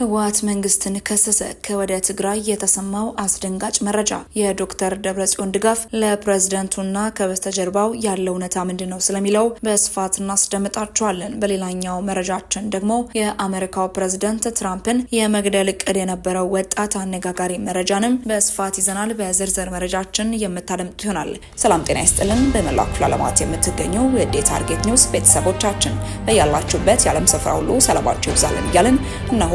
ህወሓት መንግስትን ከሰሰ። ከወደ ትግራይ የተሰማው አስደንጋጭ መረጃ የዶክተር ደብረጽዮን ድጋፍ ለፕሬዝደንቱና ከበስተጀርባው ያለው እውነታ ምንድን ነው ስለሚለው በስፋት እናስደምጣችኋለን። በሌላኛው መረጃችን ደግሞ የአሜሪካው ፕሬዝደንት ትራምፕን የመግደል እቅድ የነበረው ወጣት አነጋጋሪ መረጃንም በስፋት ይዘናል። በዝርዝር መረጃችን የምታደምጡ ይሆናል። ሰላም ጤና ይስጥልን። በመላው ክፍለ ዓለማት የምትገኙ የዴ ታርጌት ኒውስ ቤተሰቦቻችን በያላችሁበት የዓለም ስፍራ ሁሉ ሰላማችሁ ይብዛልን እያልን እነሆ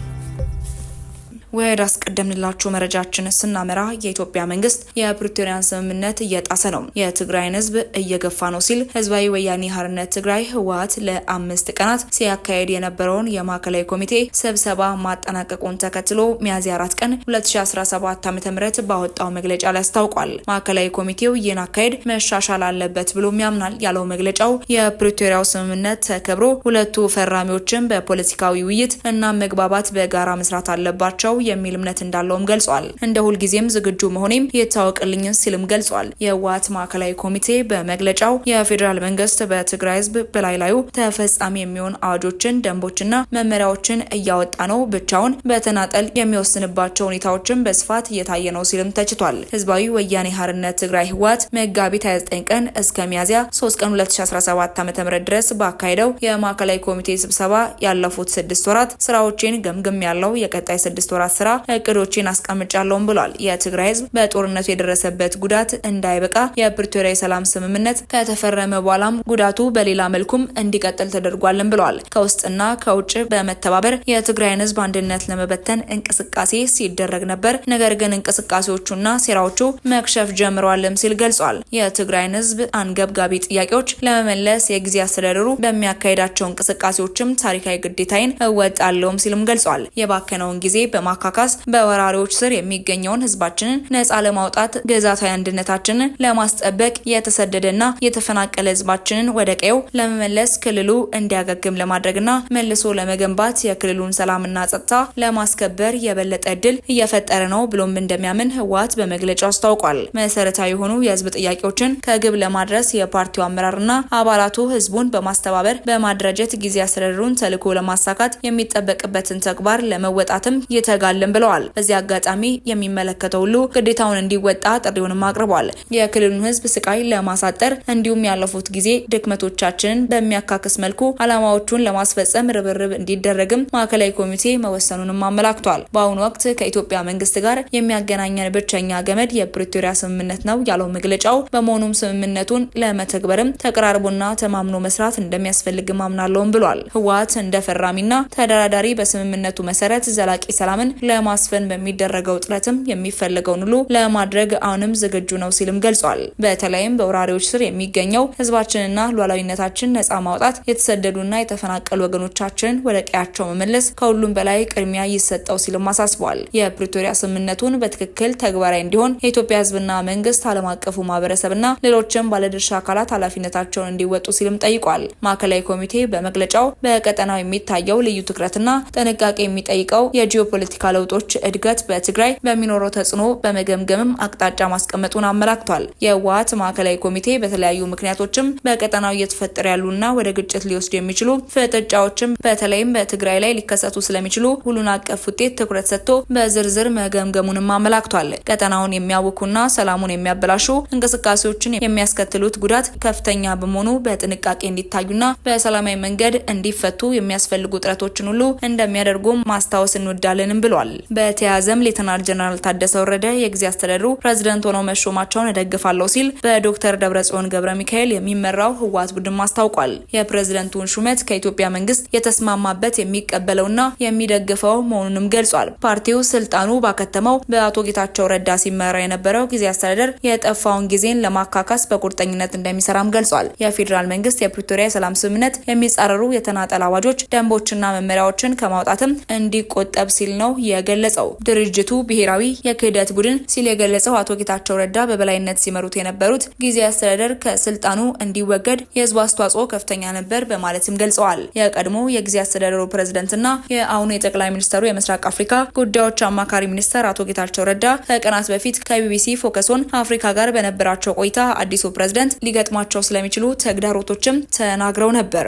ወደ አስቀደምንላቸው መረጃችን ስናመራ የኢትዮጵያ መንግስት የፕሪቶሪያን ስምምነት እየጣሰ ነው፣ የትግራይን ህዝብ እየገፋ ነው ሲል ህዝባዊ ወያኔ ሀርነት ትግራይ ህወሓት ለአምስት ቀናት ሲያካሄድ የነበረውን የማዕከላዊ ኮሚቴ ስብሰባ ማጠናቀቁን ተከትሎ ሚያዝያ አራት ቀን 2017 ዓ ም ባወጣው መግለጫ ላይ አስታውቋል። ማዕከላዊ ኮሚቴው ይህን አካሄድ መሻሻል አለበት ብሎ ያምናል ያለው መግለጫው የፕሪቶሪያው ስምምነት ተከብሮ ሁለቱ ፈራሚዎችን በፖለቲካዊ ውይይት እና መግባባት በጋራ መስራት አለባቸው የሚል እምነት እንዳለውም ገልጿል። እንደ ሁልጊዜም ዝግጁ መሆኔም ይታወቅልኝን ሲልም ገልጿል። የህወሓት ማዕከላዊ ኮሚቴ በመግለጫው የፌዴራል መንግስት በትግራይ ህዝብ በላይ ላዩ ተፈጻሚ የሚሆን አዋጆችን፣ ደንቦችና መመሪያዎችን እያወጣ ነው፣ ብቻውን በተናጠል የሚወስንባቸው ሁኔታዎችን በስፋት እየታየ ነው ሲልም ተችቷል። ህዝባዊ ወያኔ ሀርነት ትግራይ ህወሓት መጋቢት 29 ቀን እስከ ሚያዝያ 3 ቀን 2017 .ም ድረስ ባካሄደው የማዕከላዊ ኮሚቴ ስብሰባ ያለፉት ስድስት ወራት ስራዎችን ገምግም ያለው የቀጣይ ስድስት ወራት ስራ እቅዶችን አስቀምጫለሁም ብሏል። የትግራይ ህዝብ በጦርነቱ የደረሰበት ጉዳት እንዳይበቃ የፕሪቶሪያ የሰላም ስምምነት ከተፈረመ በኋላም ጉዳቱ በሌላ መልኩም እንዲቀጥል ተደርጓልም ብሏል። ከውስጥና ከውጭ በመተባበር የትግራይን ህዝብ አንድነት ለመበተን እንቅስቃሴ ሲደረግ ነበር። ነገር ግን እንቅስቃሴዎቹና ሴራዎቹ መክሸፍ ጀምረዋልም ሲል ገልጿል። የትግራይን ህዝብ አንገብጋቢ ጥያቄዎች ለመመለስ የጊዜ አስተዳደሩ በሚያካሄዳቸው እንቅስቃሴዎችም ታሪካዊ ግዴታይን እወጣለውም ሲልም ገልጿል። የባከነውን ጊዜ በማ ለማካካስ በወራሪዎች ስር የሚገኘውን ህዝባችንን ነጻ ለማውጣት ግዛታዊ አንድነታችንን ለማስጠበቅ የተሰደደና የተፈናቀለ ህዝባችንን ወደ ቀዬው ለመመለስ ክልሉ እንዲያገግም ለማድረግና መልሶ ለመገንባት የክልሉን ሰላምና ጸጥታ ለማስከበር የበለጠ እድል እየፈጠረ ነው ብሎም እንደሚያምን ህወሓት በመግለጫው አስታውቋል። መሰረታዊ የሆኑ የህዝብ ጥያቄዎችን ከግብ ለማድረስ የፓርቲው አመራርና አባላቱ ህዝቡን በማስተባበር በማደራጀት ጊዜ አስተዳደሩን ተልዕኮ ለማሳካት የሚጠበቅበትን ተግባር ለመወጣትም የተጋ እንላለን ብለዋል። በዚህ አጋጣሚ የሚመለከተው ሁሉ ግዴታውን እንዲወጣ ጥሪውንም አቅርቧል። የክልሉን ህዝብ ስቃይ ለማሳጠር እንዲሁም ያለፉት ጊዜ ድክመቶቻችንን በሚያካክስ መልኩ ዓላማዎቹን ለማስፈጸም ርብርብ እንዲደረግም ማዕከላዊ ኮሚቴ መወሰኑንም አመላክቷል። በአሁኑ ወቅት ከኢትዮጵያ መንግስት ጋር የሚያገናኘን ብቸኛ ገመድ የፕሪቶሪያ ስምምነት ነው ያለው መግለጫው፣ በመሆኑም ስምምነቱን ለመተግበርም ተቀራርቦና ተማምኖ መስራት እንደሚያስፈልግም አምናለውም ብሏል። ህወሓት እንደ ፈራሚና ተደራዳሪ በስምምነቱ መሰረት ዘላቂ ሰላምን ለማስፈን በሚደረገው ጥረትም የሚፈልገውን ሁሉ ለማድረግ አሁንም ዝግጁ ነው ሲልም ገልጿል። በተለይም በወራሪዎች ስር የሚገኘው ህዝባችንና ሉዓላዊነታችን ነጻ ማውጣት፣ የተሰደዱና የተፈናቀሉ ወገኖቻችንን ወደ ቀያቸው መመለስ ከሁሉም በላይ ቅድሚያ ይሰጠው ሲልም አሳስቧል። የፕሪቶሪያ ስምምነቱን በትክክል ተግባራዊ እንዲሆን የኢትዮጵያ ህዝብና መንግስት፣ ዓለም አቀፉ ማህበረሰብና ሌሎችም ባለድርሻ አካላት ኃላፊነታቸውን እንዲወጡ ሲልም ጠይቋል። ማዕከላዊ ኮሚቴ በመግለጫው በቀጠናው የሚታየው ልዩ ትኩረትና ጥንቃቄ የሚጠይቀው የጂኦፖለቲካ ለውጦች እድገት በትግራይ በሚኖረው ተጽዕኖ በመገምገምም አቅጣጫ ማስቀመጡን አመላክቷል። የህወሀት ማዕከላዊ ኮሚቴ በተለያዩ ምክንያቶችም በቀጠናው እየተፈጠረ ያሉና ወደ ግጭት ሊወስዱ የሚችሉ ፍጥጫዎችም በተለይም በትግራይ ላይ ሊከሰቱ ስለሚችሉ ሁሉን አቀፍ ውጤት ትኩረት ሰጥቶ በዝርዝር መገምገሙንም አመላክቷል። ቀጠናውን የሚያውኩና ሰላሙን የሚያበላሹ እንቅስቃሴዎችን የሚያስከትሉት ጉዳት ከፍተኛ በመሆኑ በጥንቃቄ እንዲታዩና በሰላማዊ መንገድ እንዲፈቱ የሚያስፈልጉ ጥረቶችን ሁሉ እንደሚያደርጉም ማስታወስ እንወዳለንም ብሏል። ብሏል። በተያያዘም ሌተናል ጀነራል ታደሰ ወረደ የጊዜ አስተዳደሩ ፕሬዝደንት ሆነው መሾማቸውን እደግፋለሁ ሲል በዶክተር ደብረጽዮን ገብረ ሚካኤል የሚመራው ህወሓት ቡድን አስታውቋል። የፕሬዝደንቱን ሹመት ከኢትዮጵያ መንግስት የተስማማበት የሚቀበለውና የሚደግፈው መሆኑንም ገልጿል። ፓርቲው ስልጣኑ ባከተመው በአቶ ጌታቸው ረዳ ሲመራ የነበረው ጊዜ አስተዳደር የጠፋውን ጊዜን ለማካካስ በቁርጠኝነት እንደሚሰራም ገልጿል። የፌዴራል መንግስት የፕሪቶሪያ የሰላም ስምምነት የሚጻረሩ የተናጠል አዋጆች፣ ደንቦችና መመሪያዎችን ከማውጣትም እንዲቆጠብ ሲል ነው የገለጸው። ድርጅቱ ብሔራዊ የክህደት ቡድን ሲል የገለጸው አቶ ጌታቸው ረዳ በበላይነት ሲመሩት የነበሩት ጊዜ አስተዳደር ከስልጣኑ እንዲወገድ የህዝቡ አስተዋጽኦ ከፍተኛ ነበር በማለትም ገልጸዋል። የቀድሞ የጊዜ አስተዳደሩ ፕሬዝደንትና የአሁኑ የጠቅላይ ሚኒስተሩ የምስራቅ አፍሪካ ጉዳዮች አማካሪ ሚኒስተር አቶ ጌታቸው ረዳ ከቀናት በፊት ከቢቢሲ ፎከሶን አፍሪካ ጋር በነበራቸው ቆይታ አዲሱ ፕሬዝደንት ሊገጥማቸው ስለሚችሉ ተግዳሮቶችም ተናግረው ነበር።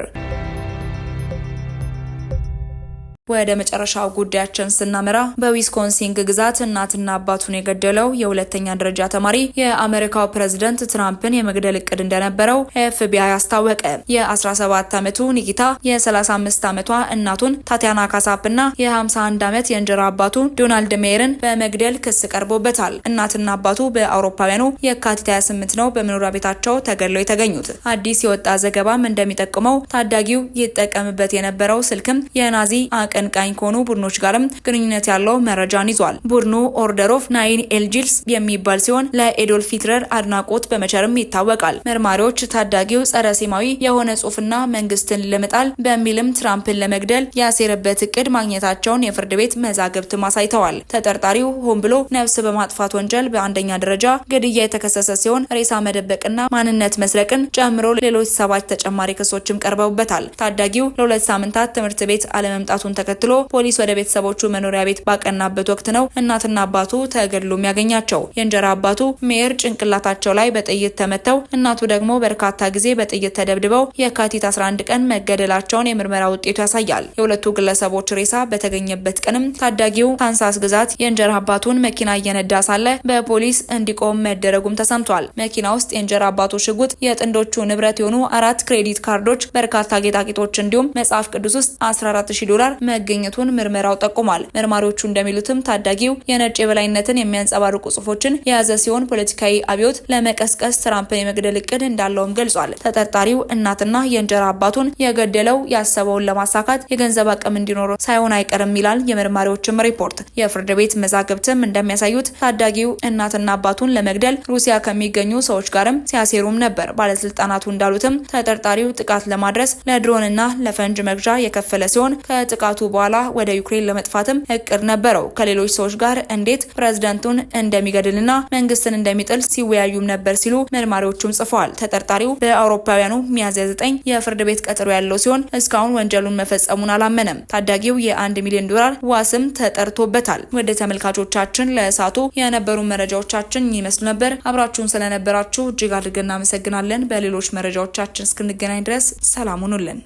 ወደ መጨረሻው ጉዳያችን ስናመራ በዊስኮንሲን ግዛት እናትና አባቱን የገደለው የሁለተኛ ደረጃ ተማሪ የአሜሪካው ፕሬዝደንት ትራምፕን የመግደል እቅድ እንደነበረው ኤፍቢአይ አስታወቀ። የ17 ዓመቱ ኒኪታ የ35 ዓመቷ እናቱን ታቲያና ካሳፕና የ51 ዓመት የእንጀራ አባቱ ዶናልድ ሜየርን በመግደል ክስ ቀርቦበታል። እናትና አባቱ በአውሮፓውያኑ የካቲት 28 ነው በመኖሪያ ቤታቸው ተገድለው የተገኙት። አዲስ የወጣ ዘገባም እንደሚጠቁመው ታዳጊው ይጠቀምበት የነበረው ስልክም የናዚ አቀንቃኝ ከሆኑ ቡድኖች ጋርም ግንኙነት ያለው መረጃን ይዟል። ቡድኑ ኦርደር ኦፍ ናይን ኤልጂልስ የሚባል ሲሆን ለኤዶልፍ ሂትለር አድናቆት በመቸርም ይታወቃል። መርማሪዎች ታዳጊው ጸረ ሴማዊ የሆነ ጽሁፍና መንግስትን ለመጣል በሚልም ትራምፕን ለመግደል ያሴረበት እቅድ ማግኘታቸውን የፍርድ ቤት መዛግብት አሳይተዋል። ተጠርጣሪው ሆን ብሎ ነፍስ በማጥፋት ወንጀል በአንደኛ ደረጃ ግድያ የተከሰሰ ሲሆን ሬሳ መደበቅና ማንነት መስረቅን ጨምሮ ሌሎች ሰባት ተጨማሪ ክሶችም ቀርበውበታል። ታዳጊው ለሁለት ሳምንታት ትምህርት ቤት አለመምጣቱን ተከትሎ ፖሊስ ወደ ቤተሰቦቹ መኖሪያ ቤት ባቀናበት ወቅት ነው እናትና አባቱ ተገድሎም የሚያገኛቸው። የእንጀራ አባቱ ሜየር ጭንቅላታቸው ላይ በጥይት ተመተው እናቱ ደግሞ በርካታ ጊዜ በጥይት ተደብድበው የካቲት 11 ቀን መገደላቸውን የምርመራ ውጤቱ ያሳያል። የሁለቱ ግለሰቦች ሬሳ በተገኘበት ቀንም ታዳጊው ካንሳስ ግዛት የእንጀራ አባቱን መኪና እየነዳ ሳለ በፖሊስ እንዲቆም መደረጉም ተሰምቷል። መኪና ውስጥ የእንጀራ አባቱ ሽጉጥ፣ የጥንዶቹ ንብረት የሆኑ አራት ክሬዲት ካርዶች፣ በርካታ ጌጣጌጦች እንዲሁም መጽሐፍ ቅዱስ ውስጥ 140 ዶላር መገኘቱን ምርመራው ጠቁሟል። መርማሪዎቹ እንደሚሉትም ታዳጊው የነጭ የበላይነትን የሚያንጸባርቁ ጽሁፎችን የያዘ ሲሆን ፖለቲካዊ አብዮት ለመቀስቀስ ትራምፕን የመግደል እቅድ እንዳለውም ገልጿል። ተጠርጣሪው እናትና የእንጀራ አባቱን የገደለው ያሰበውን ለማሳካት የገንዘብ አቅም እንዲኖረው ሳይሆን አይቀርም ይላል የመርማሪዎችም ሪፖርት። የፍርድ ቤት መዛግብትም እንደሚያሳዩት ታዳጊው እናትና አባቱን ለመግደል ሩሲያ ከሚገኙ ሰዎች ጋርም ሲያሴሩም ነበር። ባለስልጣናቱ እንዳሉትም ተጠርጣሪው ጥቃት ለማድረስ ለድሮንና ለፈንጅ መግዣ የከፈለ ሲሆን ከጥቃቱ በኋላ ወደ ዩክሬን ለመጥፋትም እቅድ ነበረው። ከሌሎች ሰዎች ጋር እንዴት ፕሬዝደንቱን እንደሚገድልና መንግስትን እንደሚጥል ሲወያዩም ነበር ሲሉ መርማሪዎቹም ጽፈዋል። ተጠርጣሪው በአውሮፓውያኑ ሚያዝያ 9 የፍርድ ቤት ቀጠሮ ያለው ሲሆን እስካሁን ወንጀሉን መፈጸሙን አላመነም። ታዳጊው የአንድ ሚሊዮን ዶላር ዋስም ተጠርቶበታል። ወደ ተመልካቾቻችን ለእሳቱ የነበሩ መረጃዎቻችን ይመስሉ ነበር። አብራችሁን ስለነበራችሁ እጅግ አድርገን እናመሰግናለን። በሌሎች መረጃዎቻችን እስክንገናኝ ድረስ ሰላም ሁኑልን።